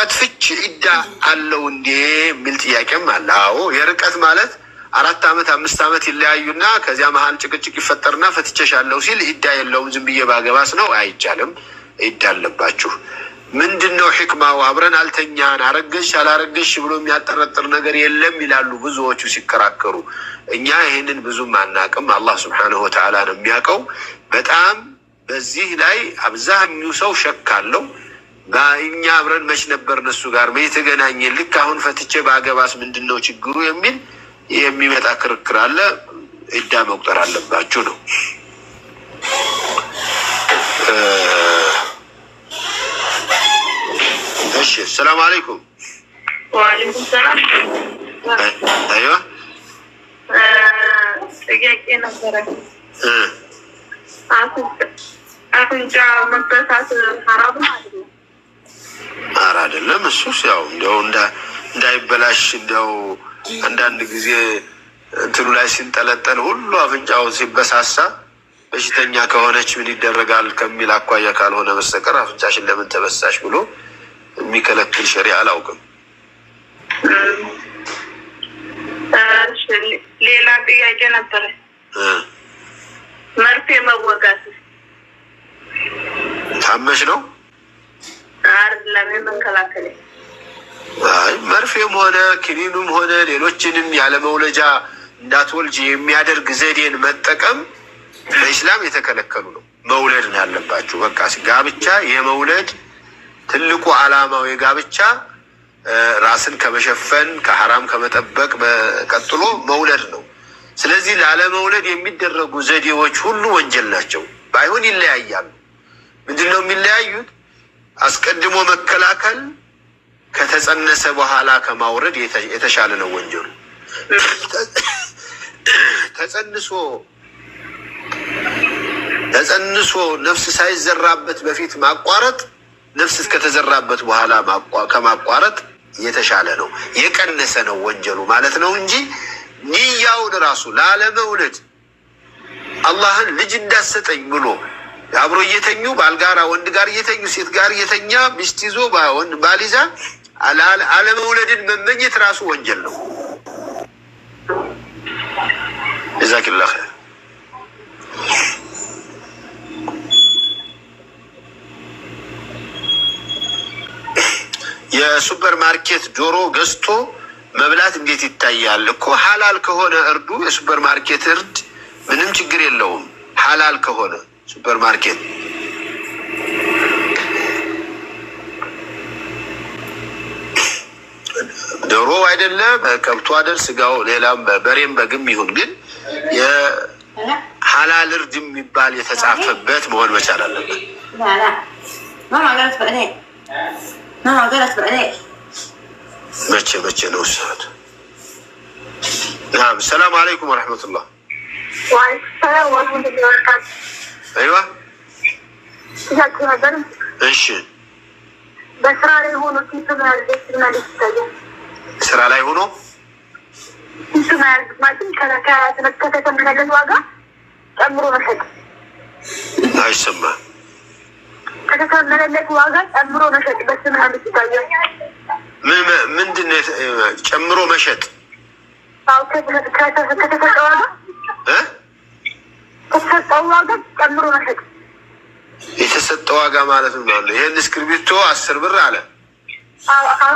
የርቀት ፍቺ ኢዳ አለው እንዴ የሚል ጥያቄም አለ። አዎ የርቀት ማለት አራት ዓመት አምስት ዓመት ይለያዩና ከዚያ መሀል ጭቅጭቅ ይፈጠርና ፈትቼሻለሁ ሲል ኢዳ የለውም ዝም ብዬ ባገባስ ነው አይቻልም። ኢዳ አለባችሁ። ምንድን ነው ሕክማው? አብረን አልተኛን አረገሽ አላረገሽ ብሎ የሚያጠረጥር ነገር የለም ይላሉ ብዙዎቹ ሲከራከሩ። እኛ ይህንን ብዙም አናቅም። አላህ ሱብሓነሁ ወተዓላ ነው የሚያውቀው። በጣም በዚህ ላይ አብዛኛው ሰው ሸክ አለው። እኛ አብረን መች ነበር እነሱ ጋር የተገናኘ ልክ አሁን ፈትቼ በአገባስ ምንድን ነው ችግሩ የሚል የሚመጣ ክርክር አለ። እዳ መቁጠር አለባችሁ ነው። እሺ፣ ሰላም አለይኩም። ሰላም። አይዋ ጥያቄ ነበረ። አፍንጫ መበሳት ሀራብ ማለት መማር አይደለም። እሱስ ያው እንዲያው እንዳይበላሽ እንዲያው አንዳንድ ጊዜ እንትኑ ላይ ሲንጠለጠል ሁሉ አፍንጫው ሲበሳሳ በሽተኛ ከሆነች ምን ይደረጋል ከሚል አኳያ ካልሆነ በስተቀር አፍንጫሽን ለምን ተበሳሽ ብሎ የሚከለክል ሸሪ አላውቅም። ሌላ ጥያቄ ነበረ። መርፌ መወጋት ታመሽ ነው መርፌም ሆነ ክኒኑም ሆነ ሌሎችንም ያለመውለጃ እንዳትወልጅ የሚያደርግ ዘዴን መጠቀም በኢስላም የተከለከሉ ነው። መውለድ ነው ያለባችሁ። በቃ ጋብቻ የመውለድ ትልቁ ዓላማው የጋብቻ ራስን ከመሸፈን ከሐራም ከመጠበቅ ቀጥሎ መውለድ ነው። ስለዚህ ላለመውለድ የሚደረጉ ዘዴዎች ሁሉ ወንጀል ናቸው። ባይሆን ይለያያሉ። ምንድን ነው የሚለያዩት? አስቀድሞ መከላከል ከተጸነሰ በኋላ ከማውረድ የተሻለ ነው። ወንጀሉ ተጸንሶ ተጸንሶ ነፍስ ሳይዘራበት በፊት ማቋረጥ ነፍስ እስከተዘራበት በኋላ ከማቋረጥ የተሻለ ነው፣ የቀነሰ ነው ወንጀሉ ማለት ነው እንጂ ንያውን ራሱ ላለመውለድ አላህን ልጅ እንዳሰጠኝ ብሎ አብሮ እየተኙ ባልጋራ ወንድ ጋር እየተኙ ሴት ጋር እየተኛ ሚስት ይዞ ባል ይዛ አለመውለድን መመኘት ራሱ ወንጀል ነው። ጀዛኪላ የሱፐር ማርኬት ዶሮ ገዝቶ መብላት እንዴት ይታያል? እኮ ሀላል ከሆነ እርዱ የሱፐር ማርኬት እርድ ምንም ችግር የለውም። ሀላል ከሆነ ሱፐር ማርኬት ዶሮ አይደለ ከብቱ አይደል ስጋው፣ ሌላም በሬም በግም ይሁን ግን የሀላል እርድ የሚባል የተጻፈበት መሆን መቻል አለበት። መቼ መቼ ነው ሰዓት? ሰላም አለይኩም ወረሕመቱላህ አይዋ ጥያቄ ነበር። እሺ በስራ ላይ ሆኖ ፊቱ መያዝ ማለት ይታያል። ስራ ላይ ሆኖ ፊቱ መያዝ ማለት ከተመለገ ዋጋ ጨምሮ መሸጥ አይሰማ ከተመለለት ዋጋ ጨምሮ መሸጥ በስም ማለት ይታያል። ምንድን ጨምሮ መሸጥ ከተሰጠ ዋጋ ከተሰጠው ዋጋ ጨምሮ መሸጥ የተሰጠው ዋጋ ማለት ነው አለ። ይህን እስክርቢቶ አስር ብር አለ።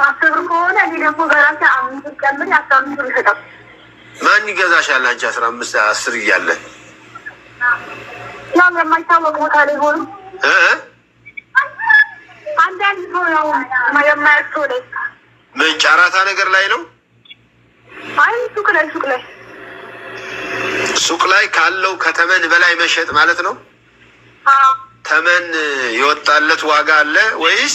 አስር ብር ከሆነ እኔ ደግሞ በራሴ አምስት ብር ጨምሬ አስራ አምስት ብር ሸጠው። ማን ይገዛሻል አንቺ አስራ አምስት አስር እያለ ያው የማይታወቅ ቦታ ላይ ሆኑ አንዳንድ ሰው ያው ላይ ምን ነገር ላይ ነው። አይ ሱቅ ላይ ሱቅ ላይ ሱቅ ላይ ካለው ከተመን በላይ መሸጥ ማለት ነው። ተመን የወጣለት ዋጋ አለ ወይስ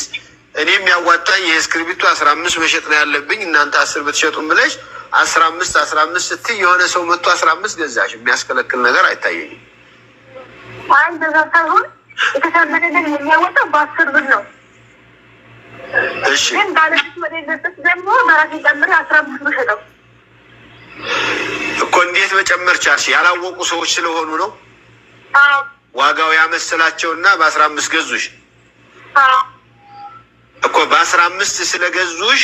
እኔም ያዋጣኝ የእስክሪብቱ አስራ አምስት መሸጥ ነው ያለብኝ እናንተ አስር ብትሸጡም ብለሽ አስራ አምስት አስራ አምስት ስትይ የሆነ ሰው መቶ አስራ አምስት ገዛሽ የሚያስከለክል ነገር አይታየኝም። አይ በዛ ሳይሆን የተሳመነን የሚያወጣው በአስር ብር ነው። እሺ ግን ባለቤት ወደ የለበት ደግሞ በራሴ ጨምሬ አስራ አምስት ብር እኮ እንዴት መጨመር ቻልሽ? ያላወቁ ሰዎች ስለሆኑ ነው ዋጋው ያመሰላቸውና በአስራ አምስት ገዙሽ እኮ በአስራ አምስት ስለገዙሽ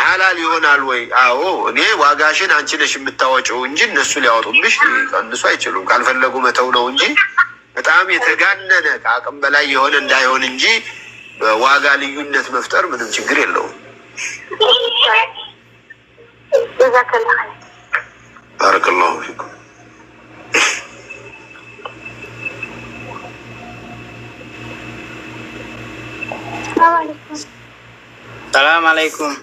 ሀላል ይሆናል ወይ? አዎ እኔ ዋጋሽን አንቺ ነሽ የምታወጪው እንጂ እነሱ ሊያወጡብሽ ቀንሱ አይችሉም። ካልፈለጉ መተው ነው እንጂ በጣም የተጋነነ ከአቅም በላይ የሆነ እንዳይሆን እንጂ በዋጋ ልዩነት መፍጠር ምንም ችግር የለውም። ባረከላሁ ፊኩም። ሰላም አለይኩም።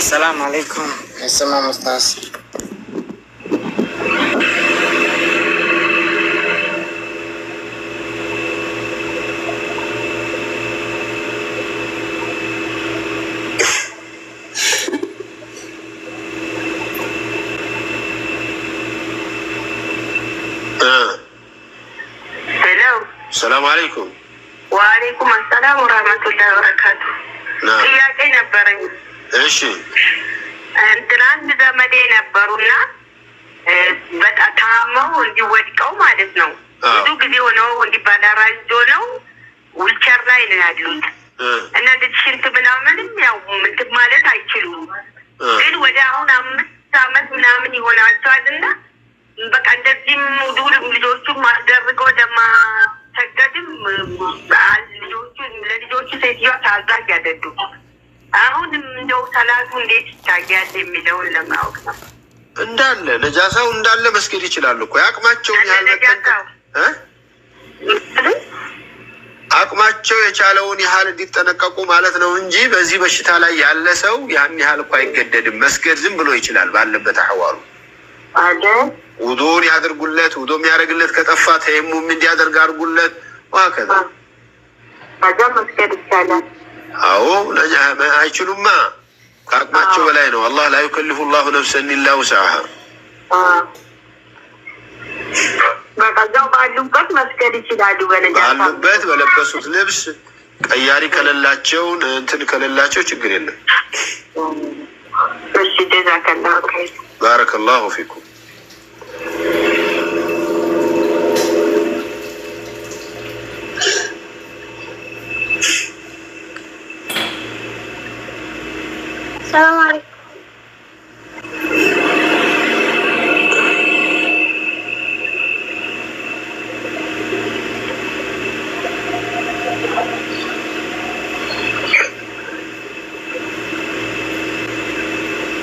አሰላም አለይኩም። የስማ ሙስታስ ሰላም አለይኩም። ወአለይኩም አሰላም ወራህመቱላሂ ወበረካቱ። ጥያቄ ነበረኝ። እሺ ትናንት ዘመዴ ነበሩና በጣም ታመው እንዲወድቀው ማለት ነው። ብዙ ጊዜ ሆነው እንዲባላራ ነው። ዊልቸር ላይ ነው ያሉት እና ሽንት ምናምንም ታዛዥ አይደሉም። አሁንም እንደው ሰላቱ እንዴት ይታያል የሚለውን ለማወቅ ነው። እንዳለ ነጃሳው እንዳለ መስገድ ይችላሉ እኮ አቅማቸው አቅማቸው የቻለውን ያህል እንዲጠነቀቁ ማለት ነው እንጂ በዚህ በሽታ ላይ ያለ ሰው ያን ያህል እኮ አይገደድም። መስገድ ዝም ብሎ ይችላል ባለበት አህዋሉ ውዶን ያደርጉለት ውዶ የሚያደርግለት ከጠፋ ተየሙም እንዲያደርግ አድርጉለት ዋከዛ መስገድ ይቻላል። አዎ አይችሉማ። ከአቅማቸው በላይ ነው። አላህ ላ ዩከልፉ ላሁ ነፍሰን ኢላ ውስዐሃ። ባሉበት መስገድ ይችላሉ። ባሉበት በለበሱት ልብስ ቀያሪ ከሌላቸው እንትን ከሌላቸው ችግር የለም። ባረከ ፊኩም السلام عليكم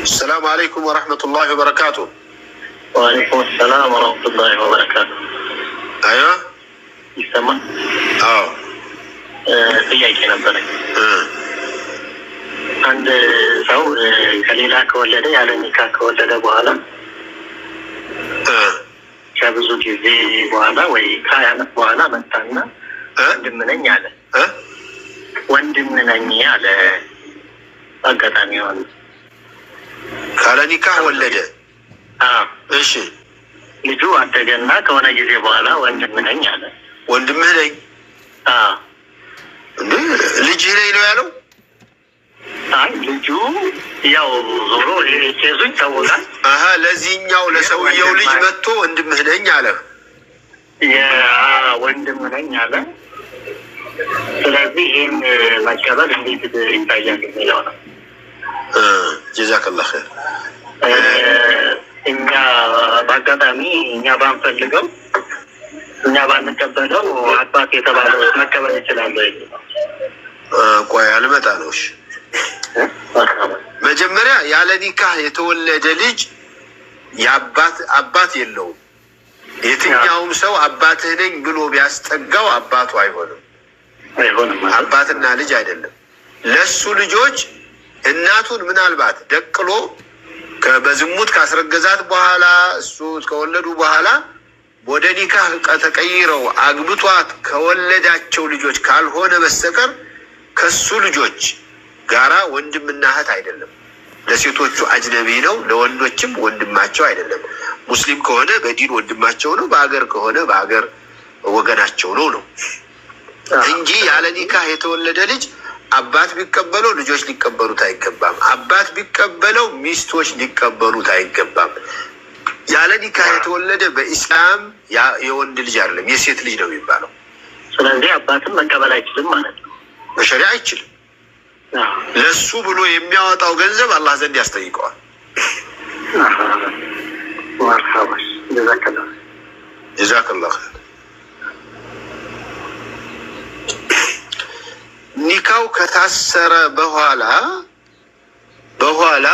السلام عليكم ورحمة الله وبركاته وعليكم السلام ورحمة الله وبركاته أيوة يسمع أوه. آه, آه، بيعك نبرك አንድ ሰው ከሌላ ከወለደ ያለ ኒካ ከወለደ በኋላ ከብዙ ጊዜ በኋላ ወይ ከሀያ ዓመት በኋላ መጣና ወንድም ነኝ አለ ወንድም ነኝ አለ። አጋጣሚ ሆነ ካለ ኒካ ወለደ። እሺ ልጁ አደገና ከሆነ ጊዜ በኋላ ወንድም ነኝ አለ። ወንድምህ ነኝ እንዴ ነኝ ነው ያለው ይመጣል ልጁ ያው ዞሮ ኬዙ ይታወቃል። ለዚህኛው ለሰውየው ልጅ መጥቶ ወንድምህ ነኝ አለ፣ ወንድምህ ነኝ አለ። ስለዚህ ይህን መቀበል እንዴት ይታያል የሚለው ነው። ጀዛከላ ኸይር። እኛ በአጋጣሚ እኛ ባንፈልገው እኛ ባንቀበለው አባት የተባለው መቀበል ይችላል። ቆይ አልመጣ ነው። እሺ መጀመሪያ ያለ ኒካህ የተወለደ ልጅ የአባት አባት የለውም። የትኛውም ሰው አባትህ ነኝ ብሎ ቢያስጠጋው አባቱ አይሆንም። አባትና ልጅ አይደለም። ለሱ ልጆች እናቱን ምናልባት ደቅሎ በዝሙት ካስረገዛት በኋላ እሱ ከወለዱ በኋላ ወደ ኒካህ ተቀይረው አግብቷት ከወለዳቸው ልጆች ካልሆነ በስተቀር ከሱ ልጆች ጋራ ወንድምና እህት አይደለም። ለሴቶቹ አጅነቢ ነው፣ ለወንዶችም ወንድማቸው አይደለም። ሙስሊም ከሆነ በዲን ወንድማቸው ነው፣ በሀገር ከሆነ በሀገር ወገናቸው ነው ነው እንጂ ያለ ኒካህ የተወለደ ልጅ አባት ቢቀበለው ልጆች ሊቀበሉት አይገባም። አባት ቢቀበለው ሚስቶች ሊቀበሉት አይገባም። ያለ ኒካህ የተወለደ በኢስላም የወንድ ልጅ አይደለም የሴት ልጅ ነው የሚባለው። ስለዚህ አባትም መቀበል አይችልም ማለት ነው፣ በሸሪያ አይችልም። ለሱ ብሎ የሚያወጣው ገንዘብ አላህ ዘንድ ያስጠይቀዋል። ጀዛከላህ ኒካው ከታሰረ በኋላ በኋላ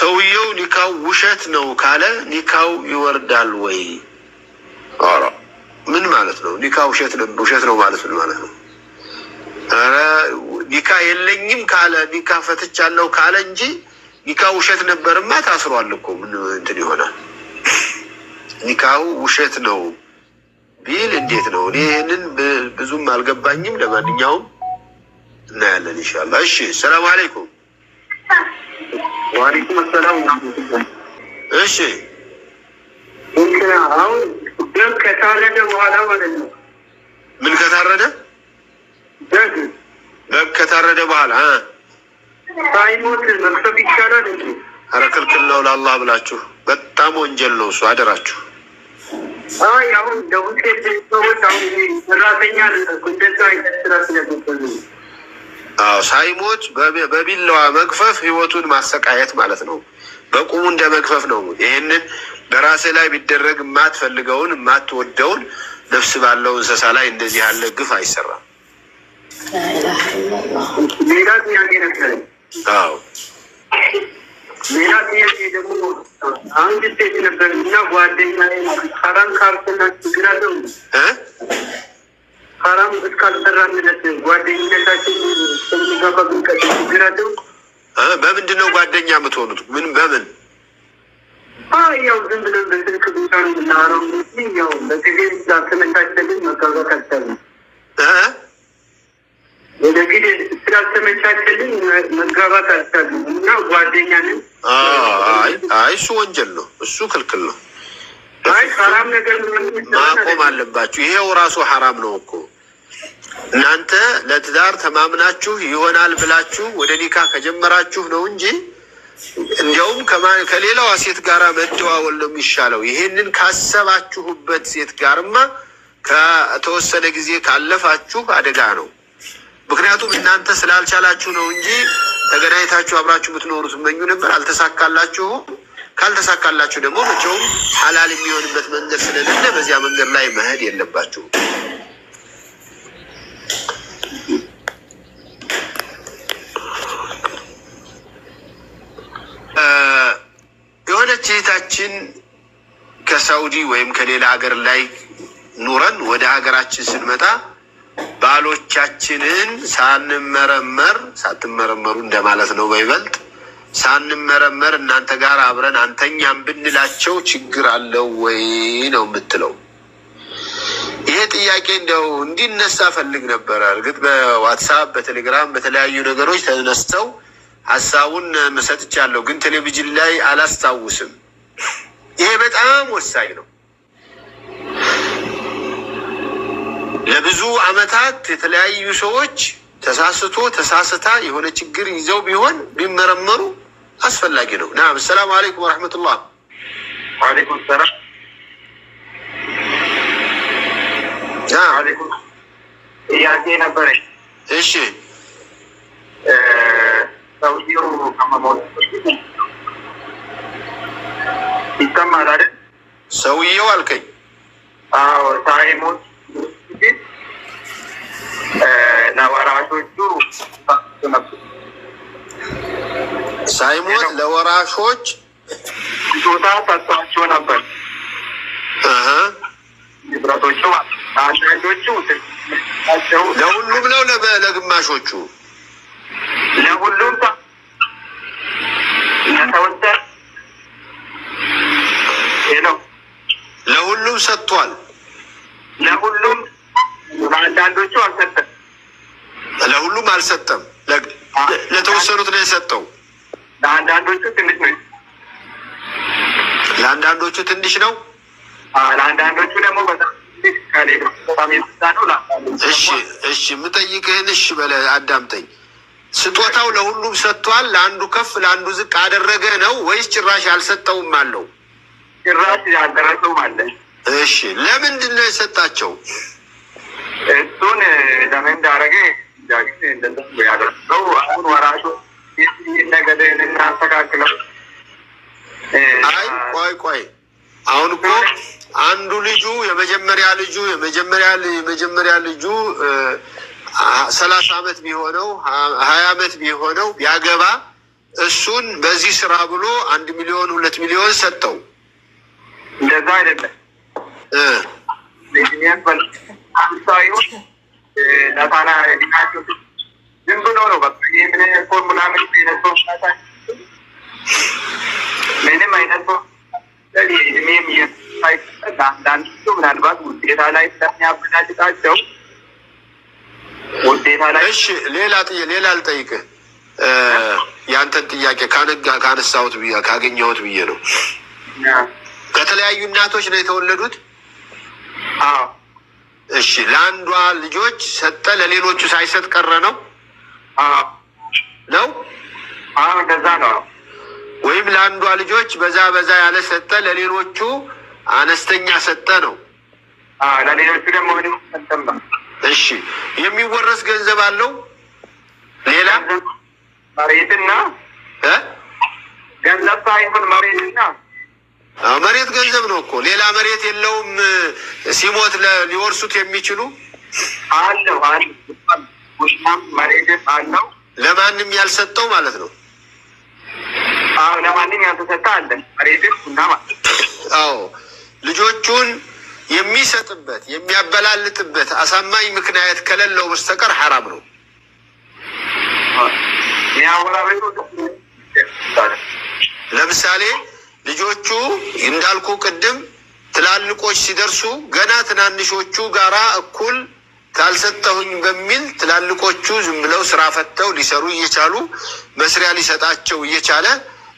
ሰውየው ኒካው ውሸት ነው ካለ ኒካው ይወርዳል ወይ? ምን ማለት ነው? ኒካ ውሸት ነው ማለት ምን ማለት ነው? ኒካ የለኝም ካለ ኒካ ፈትቻለሁ ካለ እንጂ ኒካ ውሸት ነበርማ ታስሯል እኮ ምን እንትን ይሆናል? ኒካው ውሸት ነው ቢል እንዴት ነው? እኔ ይህንን ብዙም አልገባኝም። ለማንኛውም እናያለን ኢንሻላ። እሺ፣ ሰላም አለይኩም። ዋሌኩም ሰላም። እሺ፣ አሁን ደም ከታረደ በኋላ ማለት ነው ምን ከታረደ በግ ከታረደ በኋላ ሳይሞት መቅሰፍ ይቻላል። ኧረ ክልክል ነው ለአላህ ብላችሁ። በጣም ወንጀል ነው እሱ፣ አደራችሁ። አሁን ለሁሴት ሰዎች አሁን ሰራተኛ ሳይሞት በቢላዋ መግፈፍ ህይወቱን ማሰቃየት ማለት ነው። በቁሙ እንደ መግፈፍ ነው። ይህንን በራሴ ላይ ቢደረግ የማትፈልገውን የማትወደውን ነፍስ ባለው እንስሳ ላይ እንደዚህ ያለ ግፍ አይሰራም። ሌላ ጥያቄ ነበረኝ። ሌላ ጥያቄ ደግሞ አንድ ሴት ነበር እና ጓደኛ ሰራን ካልኩና ችግር አለው ሰራም እስካልሰራን ድረስ ጓደኝነታችን ሚገባ ብንቀጥ ችግር አለው። በምንድን ነው ጓደኛ የምትሆኑት? ምን በምን ያው ዝም ብለን በስልክ ብቻ ነው የምናወራው። ያው በጊዜ ስምንታችንን መጋዛት አልቻልንም። እንግዲህ ስላልተመቻቸልኝ መጋባት አልቻልንም እና ጓደኛንም አይ እሱ ወንጀል ነው፣ እሱ ክልክል ነው። አይ ነገር ማቆም አለባችሁ። ይሄው ራሱ ሐራም ነው እኮ እናንተ ለትዳር ተማምናችሁ ይሆናል ብላችሁ ወደ ኒካ ከጀመራችሁ ነው እንጂ እንዲያውም ከሌላዋ ሴት ጋር መደዋወል ነው የሚሻለው። ይሄንን ካሰባችሁበት ሴት ጋርማ ከተወሰነ ጊዜ ካለፋችሁ አደጋ ነው። ምክንያቱም እናንተ ስላልቻላችሁ ነው እንጂ ተገናኝታችሁ አብራችሁ ብትኖሩ ትመኙ ነበር። አልተሳካላችሁም። ካልተሳካላችሁ ደግሞ መቼውም ሀላል የሚሆንበት መንገድ ስለሌለ በዚያ መንገድ ላይ መሄድ የለባችሁም። የሆነች እህታችን ከሳውዲ ወይም ከሌላ ሀገር ላይ ኑረን ወደ ሀገራችን ስንመጣ ባሎቻችንን ሳንመረመር ሳትመረመሩ እንደማለት ነው። በይበልጥ ሳንመረመር እናንተ ጋር አብረን አንተኛም ብንላቸው ችግር አለው ወይ ነው የምትለው። ይሄ ጥያቄ እንደው እንዲነሳ ፈልግ ነበረ። እርግጥ በዋትሳፕ በቴሌግራም በተለያዩ ነገሮች ተነስተው ሀሳቡን መሰጥቻለሁ፣ ግን ቴሌቪዥን ላይ አላስታውስም። ይሄ በጣም ወሳኝ ነው። ለብዙ ዓመታት የተለያዩ ሰዎች ተሳስቶ ተሳስታ የሆነ ችግር ይዘው ቢሆን ቢመረመሩ አስፈላጊ ነው። ናም ሰላም አለይኩም ወረሕመቱላህ። ሰላም። ጥያቄ እሺ ሰውየው ይሰማል አይደል? ሰውየው አልከኝ። አዎ ሳይሞት ለወራሾቹ ሳይሞት ለወራሾች ስጦታ ሰጥቷቸው ነበር። ንብረቶቹ አንዳንዶቹ ለሁሉም ነው፣ ለግማሾቹ ለሁሉም ለሁሉም ሰጥቷል። ለሁሉም አንዳንዶቹ አልሰጠ አልሰጠም። ለተወሰኑት ነው የሰጠው። ለአንዳንዶቹ ትንሽ ነው፣ ለአንዳንዶቹ ትንሽ ነው፣ ለአንዳንዶቹ ደግሞ በጣም እሺ፣ እሺ የምጠይቅህን እሺ በለህ አዳምጠኝ። ስጦታው ለሁሉም ሰጥቷል። ለአንዱ ከፍ ለአንዱ ዝቅ አደረገ ነው ወይስ ጭራሽ አልሰጠውም አለው? ጭራሽ አልደረሰውም አለ። እሺ ለምንድን ነው የሰጣቸው? እሱን ለምን እንዳረገ እንዳግኝ እንደነሱ ያደርሰው አሁን ወራሹ ነገደ እናስተካክለው። አይ ቆይ ቆይ፣ አሁን እኮ አንዱ ልጁ የመጀመሪያ ልጁ የመጀመሪያ የመጀመሪያ ልጁ ሰላሳ አመት ቢሆነው ሀያ አመት ቢሆነው ቢያገባ እሱን በዚህ ስራ ብሎ አንድ ሚሊዮን ሁለት ሚሊዮን ሰጠው። እንደዛ አይደለም ለፋና ዝም ብሎ ነው በቃ የነሰው ምንም አይነት እድሜም አንዳንድ ምናልባት ውጤታ ላይ ስለሚያበላልጣቸው ውጤታ ላይ እሺ፣ ሌላ ሌላ ያንተን ጥያቄ ካነጋ ካነሳሁት ብዬ ካገኘሁት ብዬ ነው። ከተለያዩ እናቶች ነው የተወለዱት። አዎ እሺ ለአንዷ ልጆች ሰጠ ለሌሎቹ ሳይሰጥ ቀረ ነው ነው እንደዛ ነው። ወይም ለአንዷ ልጆች በዛ በዛ ያለ ሰጠ ለሌሎቹ አነስተኛ ሰጠ ነው። ለሌሎቹ ደግሞ እሺ የሚወረስ ገንዘብ አለው ሌላ መሬትና ገንዘብ ሳይሆን መሬትና መሬት ገንዘብ ነው እኮ ሌላ መሬት የለውም። ሲሞት ሊወርሱት የሚችሉ አለው መሬት አለው ለማንም ያልሰጠው ማለት ነው። ለማንም ያልተሰጠ አለ መሬት ቡና ማለት አዎ ልጆቹን የሚሰጥበት የሚያበላልጥበት አሳማኝ ምክንያት ከሌለው በስተቀር ሐራም ነው። ለምሳሌ ልጆቹ እንዳልኩ ቅድም ትላልቆች ሲደርሱ ገና ትናንሾቹ ጋራ እኩል ካልሰጠሁኝ በሚል ትላልቆቹ ዝም ብለው ስራ ፈተው ሊሰሩ እየቻሉ መስሪያ ሊሰጣቸው እየቻለ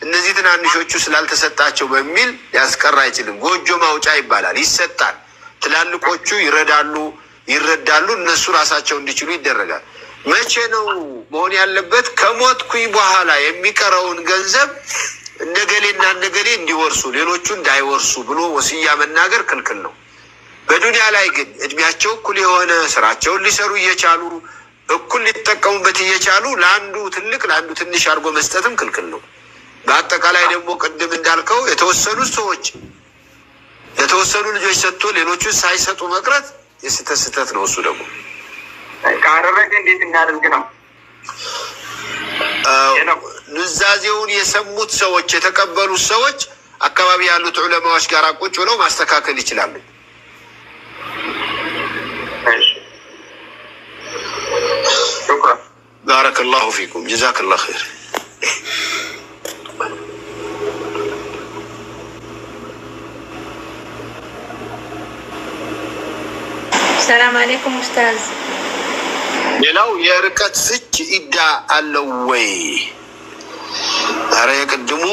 እነዚህ ትናንሾቹ ስላልተሰጣቸው በሚል ሊያስቀር አይችልም። ጎጆ ማውጫ ይባላል፣ ይሰጣል። ትላልቆቹ ይረዳሉ ይረዳሉ እነሱ ራሳቸው እንዲችሉ ይደረጋል። መቼ ነው መሆን ያለበት? ከሞትኩኝ በኋላ የሚቀረውን ገንዘብ እነገሌና እነገሌ እንዲወርሱ ሌሎቹ እንዳይወርሱ ብሎ ወስያ መናገር ክልክል ነው። በዱንያ ላይ ግን እድሜያቸው እኩል የሆነ ስራቸውን ሊሰሩ እየቻሉ እኩል ሊጠቀሙበት እየቻሉ ለአንዱ ትልቅ ለአንዱ ትንሽ አድርጎ መስጠትም ክልክል ነው። በአጠቃላይ ደግሞ ቅድም እንዳልከው የተወሰኑ ሰዎች ለተወሰኑ ልጆች ሰጥቶ ሌሎቹን ሳይሰጡ መቅረት የስተት ስተት ነው። እሱ ደግሞ ካረረገ እንዴት እናደርግ ነው። ኑዛዜውን የሰሙት ሰዎች የተቀበሉት ሰዎች አካባቢ ያሉት ዑለማዎች ጋር ቁጭ ብለው ማስተካከል ይችላሉ። ባረከላሁ ፊኩም ጀዛከላሁ ኸይር። ሰላም አለይኩም ኡስታዝ። ሌላው የርቀት ፍች ኢዳ አለው ወይ? ኧረ የቅድሙ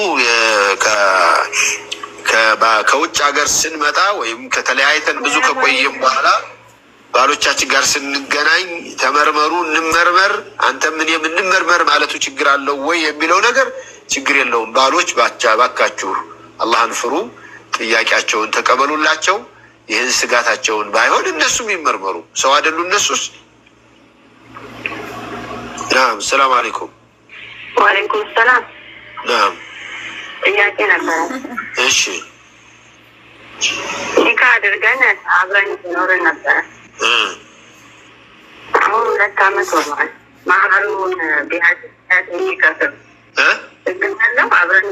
ከውጭ ሀገር ስንመጣ ወይም ከተለያይተን ብዙ ከቆየም በኋላ ባሎቻችን ጋር ስንገናኝ ተመርመሩ፣ እንመርመር፣ አንተ ምን እንመርመር ማለቱ ችግር አለው ወይ የሚለው ነገር ችግር የለውም። ባሎች ባካችሁ አላህን ፍሩ፣ ጥያቄያቸውን ተቀበሉላቸው። ይህን ስጋታቸውን ባይሆን እነሱም ይመርመሩ። ሰው አይደሉ እነሱስ? ናም ሰላም አሌይኩም። ዋሌይኩም ሰላም ጥያቄ ነበረ። እሺ ኒካ አድርገን አብረን ኖረን ነበረ። አሁን ሁለት አመት ሆኗል። ማህሩን ቢያት የሚከፍል እግናለው አብረን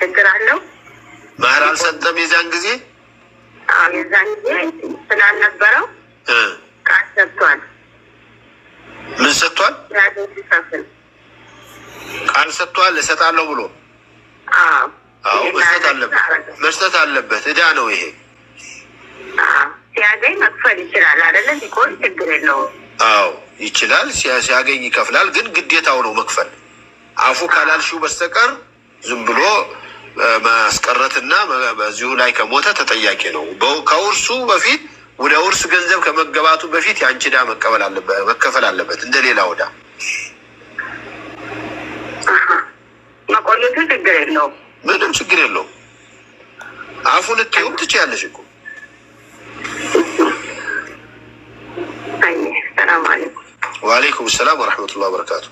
ችግር አለው። አልሰጠም የዛን ጊዜ የዛን ጊዜ ስላልነበረው ቃል ሰጥቷል። ምን ሰጥቷል? ቃል ሰጥቷል። እሰጣለሁ ብሎ አዎ፣ መስጠት አለበት። መስጠት አለበት። እዳ ነው ይሄ። ሲያገኝ መክፈል ይችላል አይደለ? ሲቆይ ችግር የለውም። አዎ ይችላል። ሲያገኝ ይከፍላል። ግን ግዴታው ነው መክፈል። አፉ ካላልሽው በስተቀር ዝም ብሎ ማስቀረትና በዚሁ ላይ ከሞተ ተጠያቂ ነው። ከውርሱ በፊት ወደ ውርስ ገንዘብ ከመገባቱ በፊት የአንቺ ዕዳ መከፈል አለበት። እንደ ሌላ ዕዳ መቆየቱ ችግር የለውም፣ ምንም ችግር የለውም። አፉን እትዩም ትችያለሽ እኮ ወአለይኩም ሰላም ወረሕመቱላህ ወበረካቱ